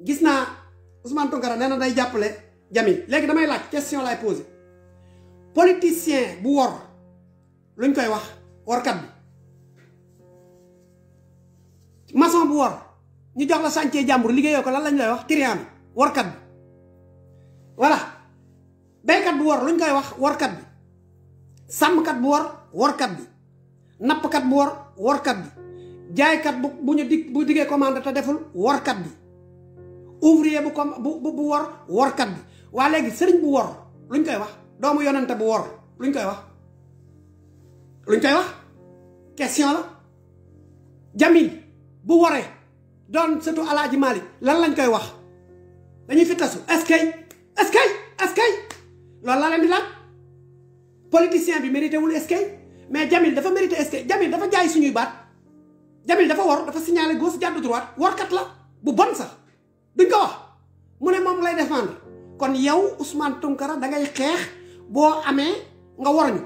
gis na Ousmane Tonkara nena day jàppale Jamil légui damay laaj question lay poser politicien bu wor luñ koy wax kat bi maçon bu wor ñu jox la santé jambour ligéyo ko lan lañ lay wax triam bi kat bi voilà béykat bu wor luñ koy wax kat bi kat bu wor kat bi kat bu wor kat bi jaay kat bu ñu dig bu commande ta deful kat bi ouvrier bu bu bu wor wor workat bi wa legi serigne bu wor luñ koy wax doomu yonenté bu wor luñ koy wax luñ koy wax question la jamil bu woré don sëtu alaaji Malik lan lañ koy wax dañuy fi tasu est-ce que est-ce que est-ce que loolu laa di lan politicien bi mérité wul est-ce que mais jamil dafa mérité est-ce que jamil dafa jaay suñuy baat jamil dafa wor dafa signalé gauche jàddu droite workat la bu bon sax deug ko wax mu ne lay défendre kon yow Ousmane tonkara da ngay xex bo amé nga war ñu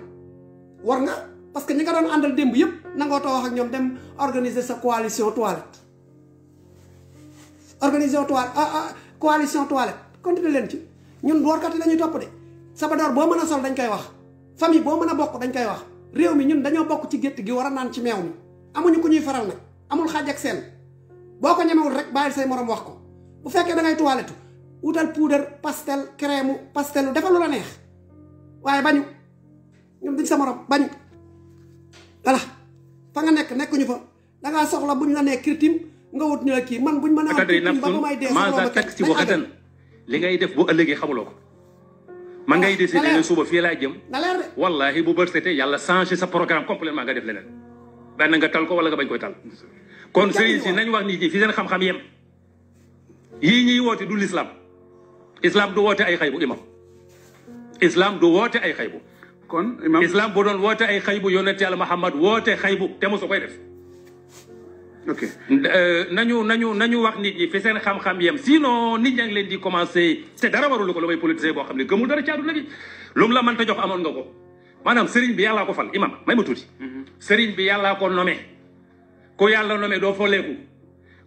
war nga parce que ñi nga doon demb yépp na nga too wax ak ñom dem organiser sa coalition toilette organisation toilette ah, ah, coalition toilette continuer leen ci ñun boorkat kat lañu top de sabadoor boo mën sol dañ koy wax famille bo mën bok dañ koy wax réew mi ñun dañoo bok ci gétt gi wara naan ci méw mi amuñu ku ñuy faral nak amul xajj ak boko rek bayil say morom wax ko bu fekkee da ngay toilette wutal poudre pastel crème pastelu defal lu la neex waaye bañu ñoom duñ sa morom bañu voilà fa nga nekk nekkuñu fa da ngaa soxla buñ la nee critim nga wut ñu la kii man buñ mën a am ba may dee sa taxi waxatan li ngay def bu ëllëgee xamuloo ko ma ngay décidé ne suba fii laay jëm wallahi bu bër setee yàlla changé sa programme complètement nga def leneen benn nga tal ko wala nga bañ koy tal kon sëriñ si nañ wax nit fi seen xam-xam yii ñuy woote du l'islam islam du woote ay xaybu imam islam du woote ay xaybu kon imam islam bu doon woote ay xaybu yonent yàlla Muhammad woote xaybu te mosu koy def ok euh, nañu nañu nañu wax nit ñi fi seen xam-xam yem sinon nit ñaa ngi leen di commencé te dara warul ko lu may politisé boo xam ne gëmul dara caadu la gi lu mu la mënta jox amoon nga ko maanaam sëriñ bi yàllaa ko fal imam may ma tuuti mm-hmm. sëriñ bi yàllaa ko nommé ku doo fooleeku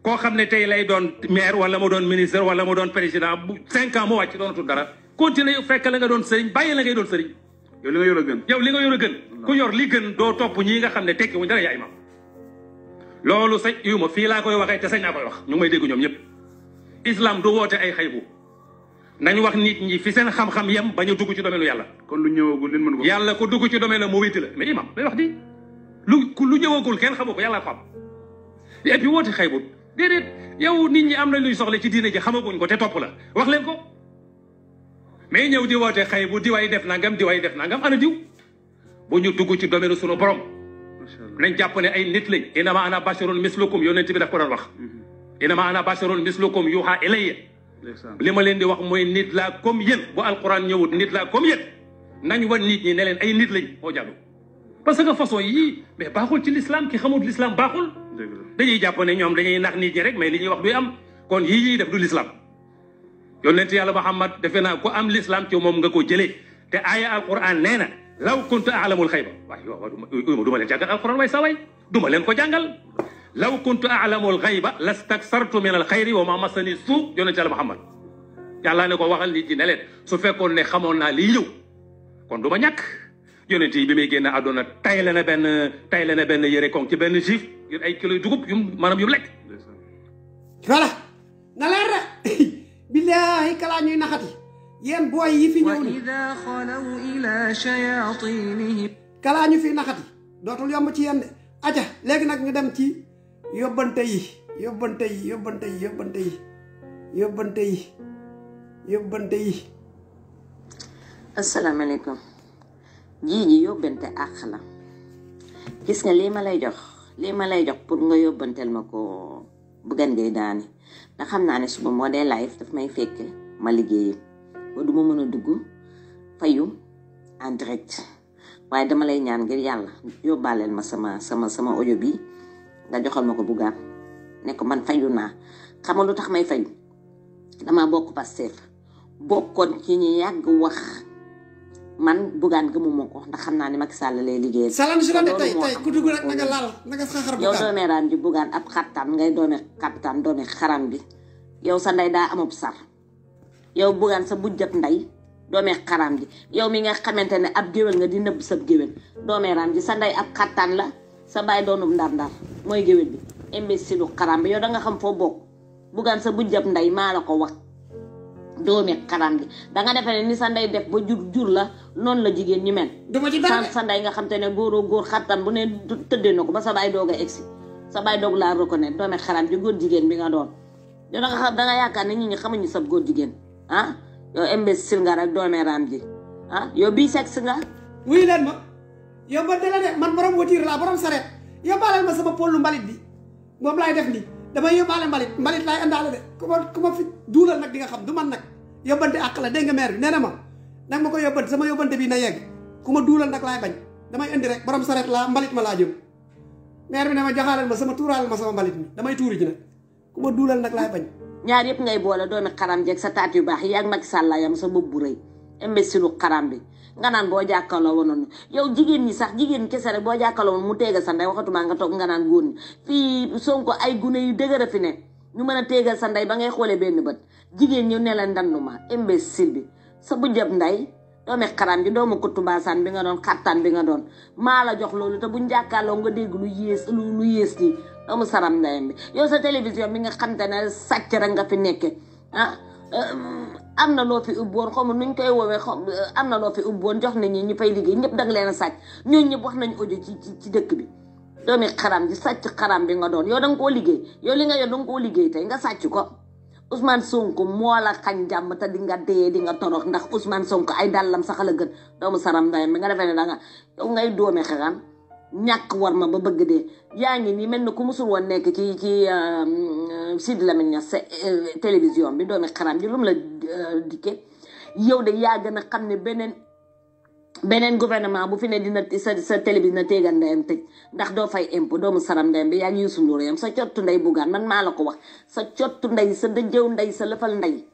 koo xam ne tey lay doon maire wala mu doon ministre wala mu doon président bu cinq ans mu wàcc doonatul dara continuer fekk la nga doon sëriñ bàyyi la ngay doon sëriñ. yow li nga yor a gën. yow li nga yor a gën. ku yor li gën doo topp ñii nga xam ne tekki wuñ dara yaay ma. loolu sañ yu ma fii laa koy waxee te sañ naa koy wax ñu ngi may dégg ñoom ñëpp islam du woote ay xaybu nañ wax nit ñi fi seen xam-xam yem bañ a dugg ci domaine yàlla. kon lu ñëwagul leen mën ko. yàlla ko dugg ci domaine mu wéti la mais imam lay wax di lu lu ñëwagul kenn xamu ko yàlla ko xam et puis woote xaybut dedet yow nit ñi am nañ luy soxla ci diine ji xamaguñ ko te top la wax leen ko mais ñëw di woté xëy bu diwaay def nangam diwaay def nangam ana diw bu ñu dugg ci domaine sunu borom nañ jàpp ne ay nit lañ inama ana basharun mislukum yonent bi daf ko doon wax inama ana basharun mislukum yuha ilayya lima leen di wax moy nit la comme yéen bu alquran ñëwut nit la comme yéen nañ wan nit ñi ne leen ay nit lañ moo jàllu parce que façon yii mais baaxul ci l'islam ki xamul l'islam baaxul dañuy jàpp ne ñoom dañuy nax nit ñi rek mais li ñuy wax duy am kon yii ñuy def du l'islam yonent yàlla muhammad defe naa ko am l'islam ci moom nga ko jëlee te aaya alquran nee na law kuntu aalamul xayba waay yow ma du ma leen jàngal alquran sa waay du ma leen ko jàngal law kuntu aalamul xayba lastaksartu min al xayri wa ma masani suu yonent yàlla muhammad yàlla ne ko waxal nit ñi ne su fekkoon ne xamoon naa lii ñëw kon du ma yonenti bi mi génn aduna tay la na ben tay la na ben yëre kon ci ben jif yor ay kilo dugub yum manam yum lek lekk voilà na leer na billaahi kalaa ñuy naxati yéen boy yi fi ñëw ni kala ñu fi naxati dotul yomb ci yéen de aca léegi nag ñu dem ci yobante yi yobante yi yobante yi yobante yi yobante yi yobante yi assalamu alaykum yii ñi yóbbante àq la gis nga lii ma lay jox lii ma lay jox pour nga yóbbanteel ma ko buggan ngay daani ndax xam naa ne suma moo dee live daf may fekk ma liggéeyi ba du ma mën a dugg fayu en waaye dama lay ñaan ngir yàlla ma sama sama sama audio bi nga joxal ma ko buggaan ne ko man fayu naa xam nga lu tax may fayu dama bokk Pastef bokkoon ci ñu yàgg wax man bugaan gëmuma ko ndax xamna ni Macky Sall lay liggéey. salam ni rame tay tay ku dugg rek na nga laal nga xaxar bu yow doomee raam ab ngay doome xattaan doome xaram bi yow sa ndey daa amub sar yow bugaan sa nday do me xaram bi yow mi nga xamantene ab gewel nga di neub sa do doomee raam ji sa nday ab xattaan la sa bàyyi doonub ndar-ndar moy gewel bi imbécile xaram bi yow da nga xam sa la wax doomi karam gi da nga sandai ni sa ndey def ba jur jur la non la jigen ñi mel sa ndey nga xam tane ne góoroo xatam bu ne tëddee nako ba sa bay doga exi sa bay dog sabgo reconnaître doomi karam ju jigen bi nga doon nga xam nga ni ñi ñi sa ah yo imbécile nga rek doomi ram gi ah yo bi sex nga wuy len ma yo man dela de man borom watiir la borom yo balal ma sama polu mbalit bi mom lay def ni damay yobale mbalit mbalit lay andale de kuma kuma fi duulal nak di nga xam du man nak yobante ak la dégg mer neena ma nag mako yobante sama yobante bi na yegg kuma dulal nak lay bañ damay indi rek borom saret la mbalit ma la jëm mer bi neema joxalal ma sama toural ma sama mbalit mi damay tuuri ji nak kuma dulal nak lay bañ ñaar yep ngay boole doomi xaram jek sa taat yu bax yak mak Macky yam sa bobu reey xaram bi nga nan bo jakkalo wonon yow jigen ni sax jigen kessa rek bo jakkalo mu tega sa waxatu ma nga tok nga nan fi Sonko ay gune yu fi ne ñu mën a téegal sa ndey ba ngay xoolee benn bët jigéen ñu ne la ndanduma imbécile bi sa bu jëb ndey doomi xaram ji doomu kutumbaasaan bi nga doon xattaan bi nga doon maa la jox loolu te bu buñ jàkkaarloo nga dégg lu yées lu lu yées nii doomu saram ndeyam bi yow sa télévision bi nga xam ne sàcc rek nga fi nekke ah, eh, am na loo fi ubboon xawma nuñ koy woowee eh, am na loo fi ubboon jox nañ ñi ñu fay liggéey ñëpp danga leen a sàcc ñooñu ñëpp wax nañ audio ci ci dëkk bi doomi xaram ji sàcc xaram bi nga doon yoo danga koo liggéey yow li nga yor danga koo liggéey tey nga sàcc ko Ousmane Sonko moo la xañ jàmm te di nga dee di nga torox ndax Ousmane ko ay dàllam sax la gën doomu saram ndayam bi nga defee ne danga yow ngay doomi xaram ñàkk war ma ba bëgg dee yaa ngi nii mel na ku musul woon nekk ci ci euh, euh, Sidi Lamine Niass euh, télévision bi doomi xaram ji lu mu la dikkee yow de yaa xam ne beneen beneen gouvernement bu fi ne dina sa sa télé bi dina téegal ndeyam tëj ndax doo fay impo doomu saram ndeyam bi yaa ngi Youssou sa cottu ndey buggaan man maa la ko wax sa cottu ndey sa dëjëw ndey sa lëfal ndey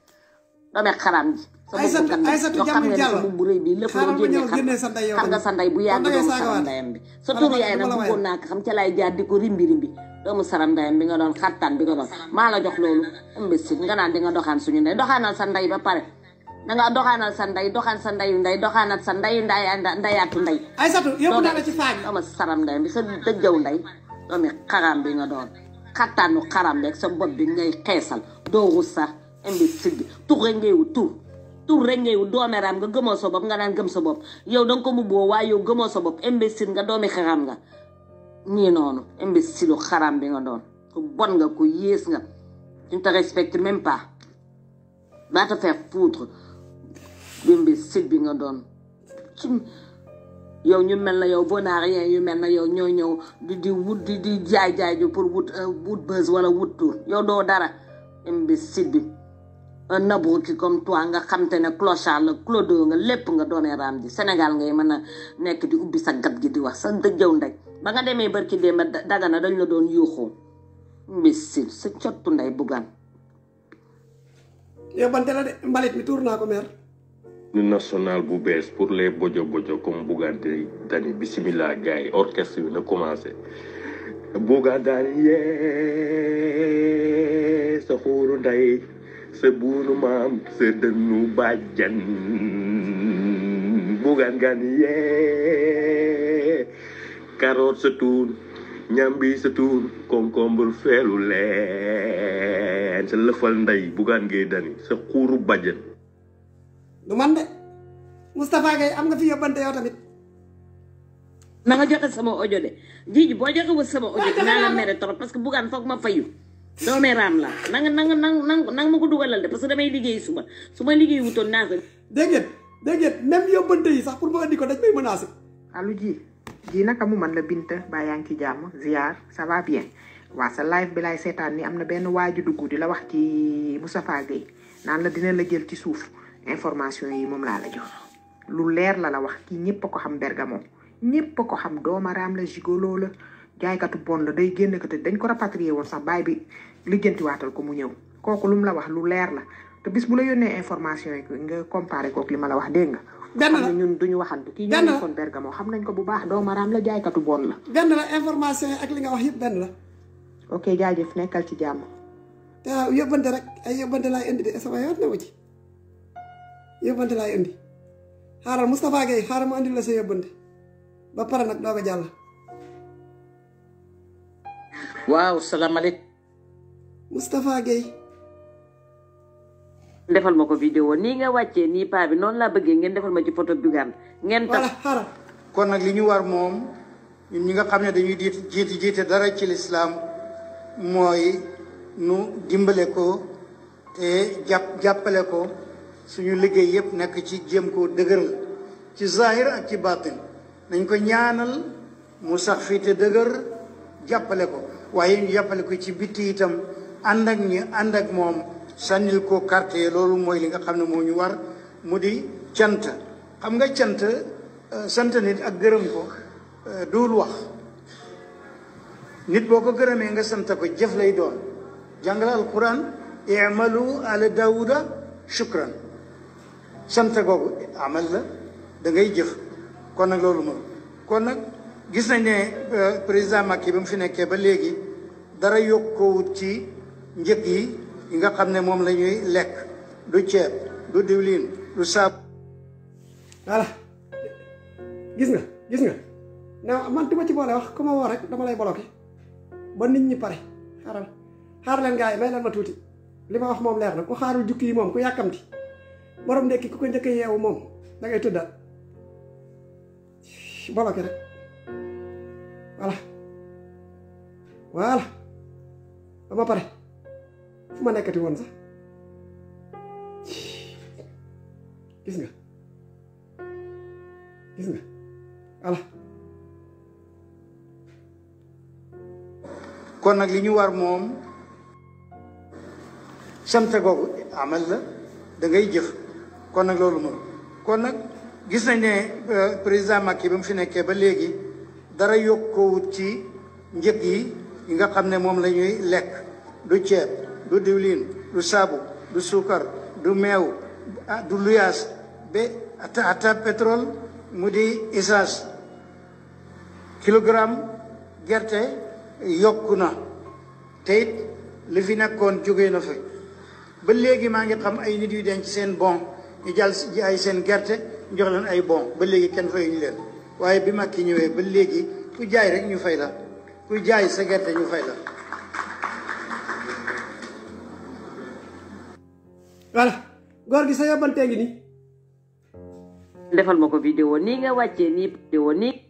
doome xaraam ji sa bugg xam ne bu rëy lépp loo génne nga sa ndey bu yàgg bi sa turu yaay na bëggoon naa ko xam ca laay jaar ko rimbi rimbi doomu saram ndeyam bi nga doon xattaan bi nga doon maa la jox loolu imbécile nga naan di nga doxaan suñu ndey doxaanal sa ndey ba pare dangaa doxaanal sa ndey doxaan sa ndeyu ndey doxaanat sa ndeyu nday ndayaatu ndey. ay satu yóbbu naa la ci faañ. sama saram ndey bi sa dëjëw ndey doomi xaraam bi nga doon xattaanu xaraam rek sa bopp bi ngay xeesal doo rus sax imbécile bi tur rek ngay wut tur tur rek ngay wut doomeeraam nga gëmoo sa bopp nga daan gëm sa bopp yow da nga ko mubboo waaye yow gëmoo sa bopp imbécile nga doomi xaraam nga nii noonu imbécile lu xaraam bi nga doon ku bon nga ku yées nga tu ne te respectes même pas va te faire foutre imbécile bi nga doon yow ñu mel na yow boo yee yu mel na yow ñoo ñëw di di wut di di jaay jaay ju pour wut euh, wut buzz wala wut tur yow doo dara imbécile bi un abruti comme toi nga xam te ne clochard la clodo nga lépp nga doonee raam ji Sénégal ngay mën a nekk di ubbi sa gat gi di wax sa dëjëw ndey ba nga demee barki démb dagana dañ la doon yuuxoo imbécile sa cottu ndey buggaan yow bante la de mbalit mi tuur naa ko mer national bu bes pour les bojo bojo comme Bougane dani bismillah gay orchestre bi na commencer Bougane Dany sa xuuru ndey sa buunu mam sa dënnu bàjjan Bougane nyambi yee carotte se tuun ñambi se tuun concombre felu leen sa lëfal ndey dani sa du man de mustafa gay am nga fi yobante yow tamit. na nga joxe sama audio de djiji bo joxe wut sama audio na la mere trop parce que bugan ma fayu. me ram la na nga na nga na nga na nga dugalal de parce que damay liggéey suma suma ma wu ton naa deget deget même yobante yi sax pour ma andi ko dañ may menacer alu ji ji nak amu man la binte ba yang ci jamm ziar ça va bien wa sa live bi lay setan ni am na beno duggu di la wax ci mustapha gay nan la dina la jël ci information yi mom la la jox lu leer la la wax ki ñepp ko xam bergamo ñepp ko xam ram la jigolo la katu bon la day genn ko te dañ ko rapatrier won sax bay bi watal ko mu ñew koku lum la wax lu leer la te bis bu la yone information yi nga ko ak li mala wax dégg nga. benn ñun duñu waxantu ki ñu nekkoon bergamo xam nañ ko bu baax ram la katu bon la. ben la information ak li nga wax yeb ben la. ok jaajeuf nekkal ci jamm ya yobante rek ay yobante laay indi sama yoon na ci yobante lay indi haral Mustafa gay, haram andi la sa yobante ba para nak doga ko jàll. waaw alek mustafa gay defal mako video ni nga wacce ni pa bi non la beugé ngén defal ma ci photo bi ngén tax xaaral kon nak li ñu war mom ñun ñi nga xamné dañuy jiite jiite jiite dara ci l'islam moy nu dimbalé ko té japp jappalé ko. suñu liggéey yëpp nekk ci jéem koo dëgëral ci zahir ak ci baatin nañ ko ñaanal mu sax fii te dëgër jàppale ko waaye ñu jàppale ko ci bitti itam ànd ak ñi ànd ak moom sànnil ko carte loolu mooy li nga xam ne moo ñu war mu di cant xam nga cant euh, sant nit ak gërëm ko euh, duul wax nit boo ko gërëmee nga sant ko jëf lay doon jàngale alquran i'malu ala daawuda shukran sant googu amal la da ngay jëf kon nag loolu moom kon nag gis nañ ne euh, président Macky ba mu fi nekkee ba léegi dara yokkoowut ci njëg yi yi nga xam ne moom lañuy lekk du ceeb du diwlin du saabu voilà gis nga gis nga na man duma ci boole wax ku ma woo rek dama lay bloqué ba nit ñi pare xaaral xaar leen yi may leen ma tuuti li ma wax moom leer na ku xaaru jukki yi moom ku yàkkamti borom ndekki ku ko njëkk yeewu moom da ngay tëddaat boloke rek voilà voilà ba ma pare fu ma nekkati woon sax gis nga gis nga voilà kon nag li ñu war moom samte googu amal la da ngay jëf kon nag loolu moom kon nag gis nañ ne euh, président Macky ba mu fi nekkee ba léegi dara yokkoowut ci njëg yi yi nga xam ne moom lañuy lekk du ceeb du diwlin du saabu du suukar du meew ah, du luyaas ba ata ata pétrole mu di essence kilogramme gerte yokk na te it fi nekkoon jóge na fa ba léegi maa ngi xam ay nit yu denc seen bon ñu jàll ji ay seen gerte jox leen ay bon ba léegi kenn fayuñu leen waaye bi mag ki ñëwee ba léegi ku jaay rek ñu fay la kuy jaay sa gerte ñu fay la. voilà góor gi sa yóbbante ngi nii. defal ma ko vidéo nii nga wàccee nii vidéo nii.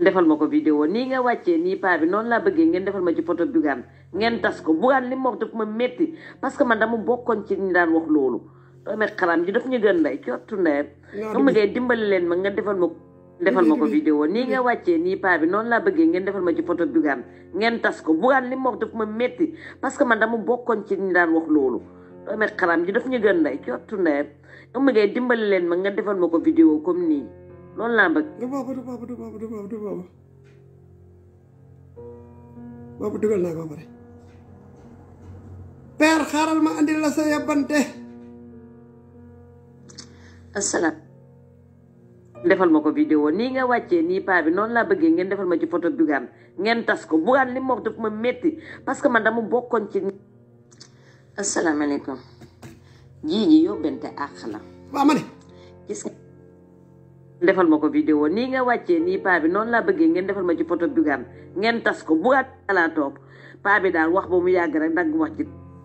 defal ma ko vidéo nii nga wàccee nii paa bi noonu laa bëggee ngeen defal ma ci photo bugaan ngeen tas ko bugaan li mu wax daf ma métti parce que man dama bokkoon ci ñi daan wax loolu. doomi xaram ji daf ñu gën nday cottu ndeyam. xam nga dimbali leen ma nga defal ma. defal ma ko vidéo nii nga wàccee nii paa bi noonu laa bëggee ngeen defal ma ci photo bugaan ngeen tas ko bugaan li mu wax daf ma métti parce que man dama bokkoon ci ñi daan wax loolu. doomi xaram ji daf gën nday cottu ndeyam xam nga dimbali leen ma nga defal ma ko vidéo comme nii. Lo lambat. Gak apa-apa, gak apa-apa, gak apa-apa, gak apa-apa. ಬೊಬ್ಬುಟ್ಟುಗಳನ್ನ ಹೋಗ್ಬರಿ ಪೇರ್ ಖಾರಲ್ ಮಾಡಿಲ್ಲ ಸಯ್ಯಬ್ಬಂತೆ assalam defal ma ko vidéo nga wàccee nii paa bi noonu laa bëggee ngeen defal ma ci photo dugaan ngeen tas ko bugaan li ma parce que man dama ci gis nga defal ma ko vidéo nii nga wàccee nii paa bi noonu laa bëggee ngeen defal ma ci photo Bougane ngeen tas ko bugaat laa toog paa bi daal wax ba mu yàgg rek dagg wax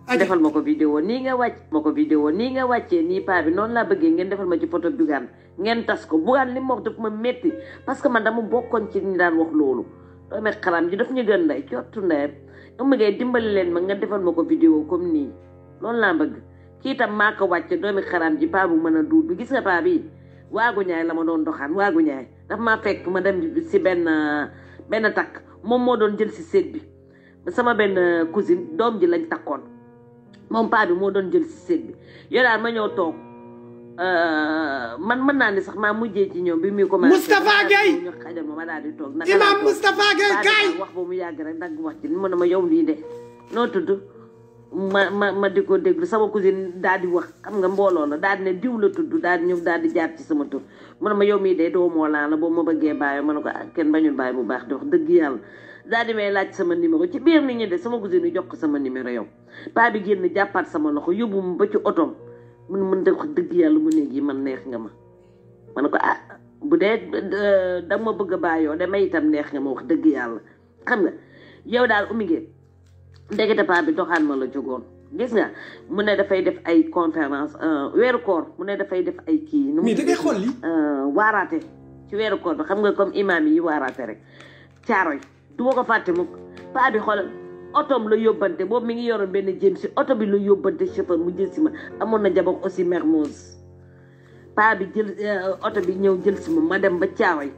ci defal ma ko vidéo nii nga wàcc ma ko vidéo nii nga wàccee nii paa bi noonu laa bëggee ngeen defal ma ci photo Bougane ngeen tas ko Bougane li mu wax daf ma métti parce que man dama bokkoon ci ñi daan wax loolu doome xaram ji daf ñu gën nday cottu ndayam ëmb ngay dimbali leen ma nga defal ma ko vidéo comme nii loolu laa bëgg kii tam maa ko wàcce doomi xaram ji paa bu mën a duut bi gis nga paa bi waagu ñaay la ma doon doxaan waagu ñaay daf maa fekk ma dem si benn benn takk moom moo doon jël si séet bi sama benn cousine doom ji lañ takkoon moom paa moo doon jël si séet bi yow daal ma ñëw toog euh, man mën naa ni sax maa mujjee ci ñoom bi muy commencé Moustapha Gueye ñu xajal ma ma daal di toog nag imam Moustapha Gueye gaay wax ba mu yàgg rek nag wax ci mu ne ma yow lii de noo tudd ma ma ma di ko déglu sama cousine daal di wax xam nga mbooloo la daal di ne diw la tudd daal di ñëw daal di jaar ci sama tur mu ne ma yow mii de doo moolaa na boo ma bëggee bàyyi ma ne ko ah, kenn bañul bàyyi bu baax di wax dëgg daal di laaj sama numéro ci biir nit ñi de sama cousine yi jox ko sama yow paa bi génn jàppaat sama loxo yóbbu ma ba ci otoom mun mën de dëgg yàlla mu néeg yi man neex nga ma ma ne ko ah bu dee euh, da ma bëgg a bàyyoo de may itam neex nga ma wax dëgg yàlla xam nga yow daal umigee ndekete paa bi doxaan ma la jógoon gis nga mu ne dafay def ay conférence euh, weeru koor mu ne dafay def ay kii. mais da ngay xool li euh, waaraate ci weeru koor bi xam nga comme imaam yi waaraate rek caaro yi du ma ko fàtte mukk paa bi xoolal otoom la yóbbante boobu mi ngi yoroon benn jëm si oto bi la yóbbante chauffeur mu jël si ma amoon na jaboog aussi Mermoz paa bi jël euh, oto bi ñëw jël si ma ma dem ba caaro yi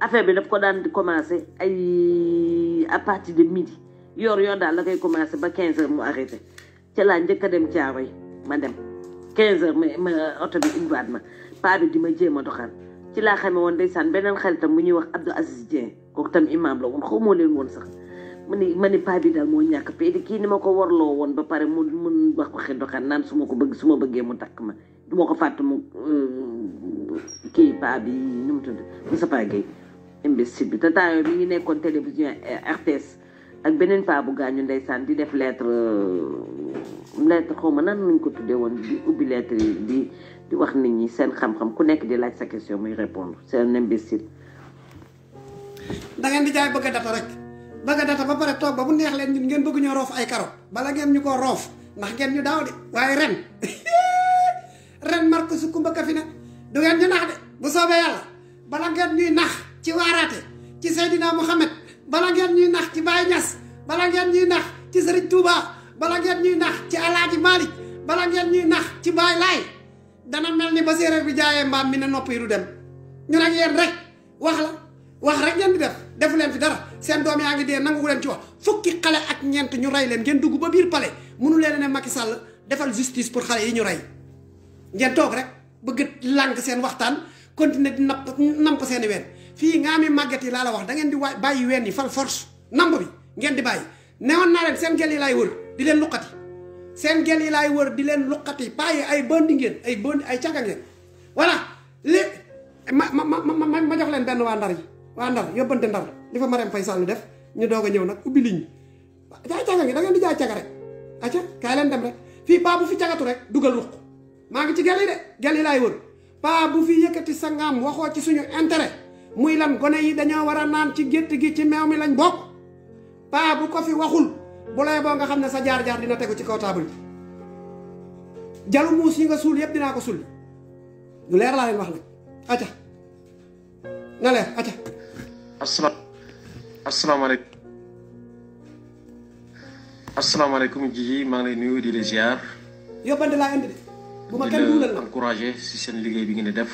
affaire bi daf ko daan di commencé ay à partir de midi. yor yor dal la koy commencé ba 15 heures mu arrêté ci la ñëk dem ci ay ma dem 15 heures ma auto bi indiwaat ma pa bi dima jema jéem a doxal ci laa xamee woon benen xel tam mu ñuy wax Abdou Aziz Dieng ko tam imam la won xomo leen won sax mani mani pa bi dal mo ñak pe di ki ni mako warlo won ba pare mu mu wax ko xel doxal naan suma ko bëgg suma bëggé mu tak ma duma ko fatte mu euh, ki pa bi nu mu tudd pa gay imbécile bi tata temps yooyu mi ngi nekkoon télévision euh, RTS ak beneen paa bu gaañu ndeysaan di def lettre euh, lettre xaw ma nan nañ ko tuddee woon di ubbi lettre yi di di wax nit ñi seen xam-xam ku nekk di laaj sa question muy répondre c'est un imbécile ngeen di jaay bëgg a data rek bëgg a ba pare toog ba bu neex ngeen bëgg ñoo roof ay karo bala ngeen ñu ko roof ndax ngeen ñu daaw de waaye ren ren marque su kumba ka fi ne du ngeen ñu nax de bu soobee yàlla bala ngeen ñuy nax ci waaraate ci Seydina Mouhamed bala ngeen ñuy nax ci Baye Niass bala ngeen ñuy nax ci Serigne Touba bala ngeen ñuy nax ci Alaaji Malik bala ngeen ñuy nax ci Baye lay dana melni ba sere bi jaaye mbam mi na nopp yi dem ñu nak yeen rek wax la wax rek ngeen di def defu leen fi dara seen doom yaangi de dee nangu leen ci wax fukki xale ak ñent ñu ray leen ngeen duggu ba biir palais munu leen ne Macky Sall defal justice pour xale yi ñu ray ngeen tok rek bëgg lank seen waxtaan continuer di nam ko seen i Fi ngami magati la la wax da ngeen di bayyi wenni fal force namb bi ngeen di bayyi neon na len sen gel yi lay wër di len luqati sen gel yi lay wër di len luqati payi ay bondi ngeen ay bondi ay càkka ngeen wala li ma ma ma ma jox len ben nari, ndar yi waa ndar yóbbante ndar li fa Marème Faye Sall def ñu doga ñew nak ubi liñ jaay da ngeen di jaay càkka rek aca kaay len dem rek fi pa bu fi cagatu rek dugal ruq ma ngi ci gel yi de gel yi lay wër pa bu fi yëkkati sangam waxo ci suñu intérêt muy lan gone yi dañoo war a naan ci bok. gi ci meew mi lañ bokk paa bu ko fi waxul bu lay boo nga xam ne sa jaar-jaar dina tegu ci kaw table jalu muus yi nga sul dinaa ko lu leer laa leen wax nag acca na leer asalaamaaleykum asalaamaaleykum Jiji maa ngi lay nuyu di la ziar yóbbante laa indi de bu ma kenn duulal la encouragé si seen bi ngi def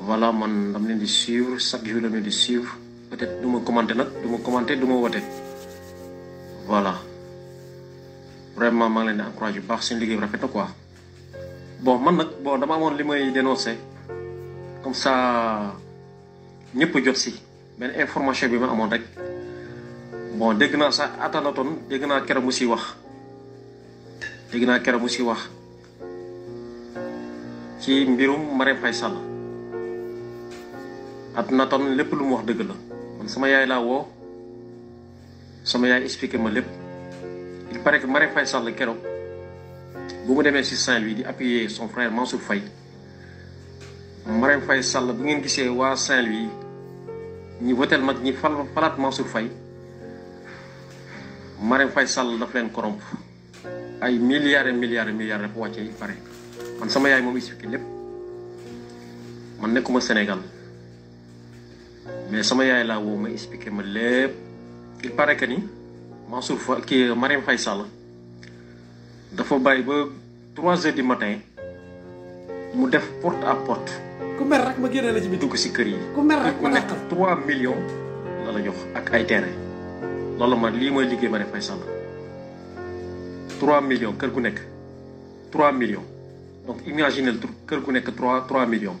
voilà man dama leen di suivre chaque jour dama leen di suivre peut-être du ma commenter nag du ma commenter du ma wote voilà vraiment maa ngi leen di rafet quoi bon man bon dama amoon li may comme ça ñëpp jot si benn information bi ma amoon rek bon dégg naa sax atanatoon dégg naa keroog mu si wax dégg naa mu wax ci mbirum at toll na lépp lu mu wax deug la man sama yaay la wo sama yaay expliquer ma lepp il paraît que Marie Faye Sall kéro bu mu démé si Saint-Louis di appuyer son frère Mansour Faye Marie Faye Sall bu ngeen gisee wa Saint-Louis ñi woteel mag ñi fal falat Mansour Faye Marie Faye Sall daf leen corrompe ay milliards et milliards et milliards rek wacce il paraît man sama yaay mom expliquer lepp man nekuma Sénégal mais sama yaay laa woo ma expliqué ma lépp il paraît que ni Mansour Fa kii Marième fay Sall dafa bàyyi ba trois heures du matin mu def porte à porte. ku mer rek ma génne la ci biir dugg si kër yi. ku mer rek ma nekk trois millions ay terrain lii mooy liggéey Marième Faye kër gu nekk trois millions donc imaginez kër gu nekk trois trois millions.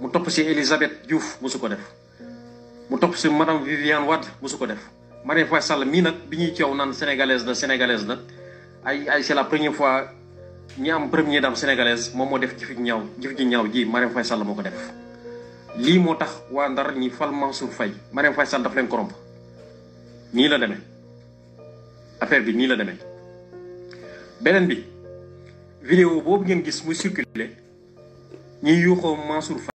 mu topp si Elisabeth Diouf mosu ko def mu topp si madame Viviane Wade wasu ko def Marième Faye Sall mii nag bi ñuy coow naan sénégalaise la sénégalaise la ay ay c'est la première fois ñi am première dame sénégalaise moom moo def jëf ji ñaaw jëf ji ñaaw ji Marième Faye Sall moo ko def lii moo tax waa Ndar ñi fal Mansour Faye Marième Faye Sall daf leen koromp nii la demee affaire bi nii la demee beneen bi vidéo boobu ngeen gis muy circulé ñuy yuuxoo Mansour Faye